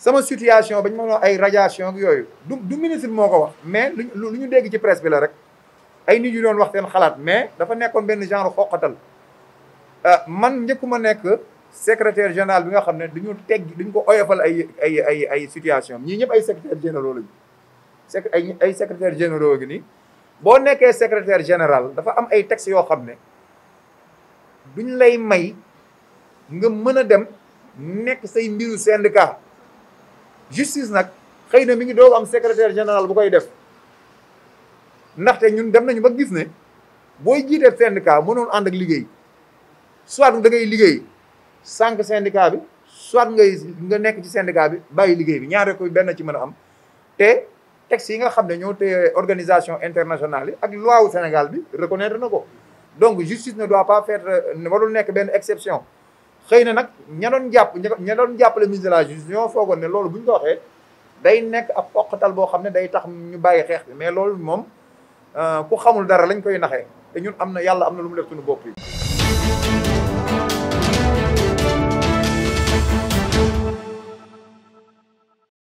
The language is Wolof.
sama situation bañ ma doon ay radiation ak yooyu du du ministre moo ko wax mais lu ñu dégg ci presse bi la rek ay nit yu doon wax seen xalaat mais dafa nekkoon benn genre xoqatal euh, man njëkkuma nekk secretaire général bi nga xam ne duñu teg duñ ko oyofal ay ay ay ay situation ñii ñëpp ay secrétaire généraux lañu ay ay secrétaire généraux gi nii boo nekkee secretaire général dafa am ay textes yoo xam ne duñ lay may nga mën a dem nekk say mbiru syndicat justice nag xëy na mi ngi doog am secrétaire général bu koy def ndaxte ñun dem nañu ba gis ne booy jiitee syndicat mënoon ànd ak liggéey soit da ngay liggéey sànq syndicat bi soit ngay nga nekk ci syndicat bi bàyyi liggéey bi ñaar koy benn ci mën a am texte yi nga xam ne ñoo téye organisation internationale yi ak loi wu Sénégal bi reconnaître na ko donc justice ne doit pas ne warul nekk benn exception xëy na nag ña doon jàpp ña doon jàppale ministre de la justice ñoo foogoon ne loolu bu ñu ko day nekk ab poqatal boo xam ne day tax ñu bàyyi xeex bi mais loolu moom euh, ku xamul dara lañ koy naxee te ñun am na yàlla am na lu mu def suñu bopp yi